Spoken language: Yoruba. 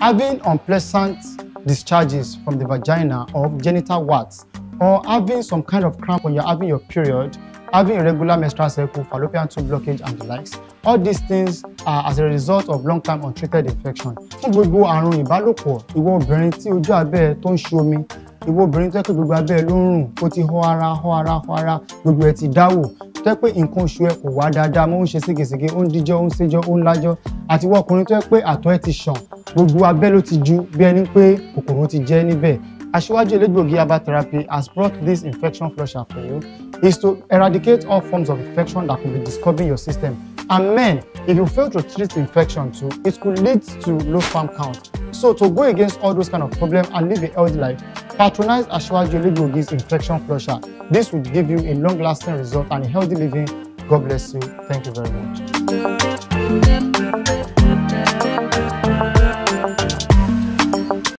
having unpleasant discharges from the vagina or genital warts, or having some kind of cramp when you're having your period, having irregular menstrual cycle, fallopian tube blockage, and the likes. All these things are as a result of long term untreated infection. Fún gbogbo àrùn ìbálòpọ̀, ìwọ obìnrin tí ojú abẹ́ tó ń ṣe omi, ìwọ obìnrin tó pé gbogbo abẹ́ ló ń rùn, ó ti hó ara, hó ara, hó ara, gbogbo ẹ̀ ti dáwò. Tó pé nǹkan oṣù ẹ kò wá dáadáa, mo ń ṣe ségesège, ó ń díjọ́, ó ń séjọ́, ó ń lájọ́. Àti ìwọ ọkùnrin tó pé àtọ̀ ẹ ti ṣàn, gbogbo abẹ́ ló ti ju bí ẹni pé kòkòrò ti jẹ́ níbẹ̀ Aṣíwájú elégbòogi herbal therapy has brought this infection flusher for you is to eradicate all forms of infection that could be disturbing your system. And men, if you fail to treat infection too, it could lead to low sperm count. So to go against all those kind of problems and live a healthy life, patronize Ashwaju Legbogi's infection flusher. This would give you a long-lasting result and a healthy living. God bless you. Thank you very much.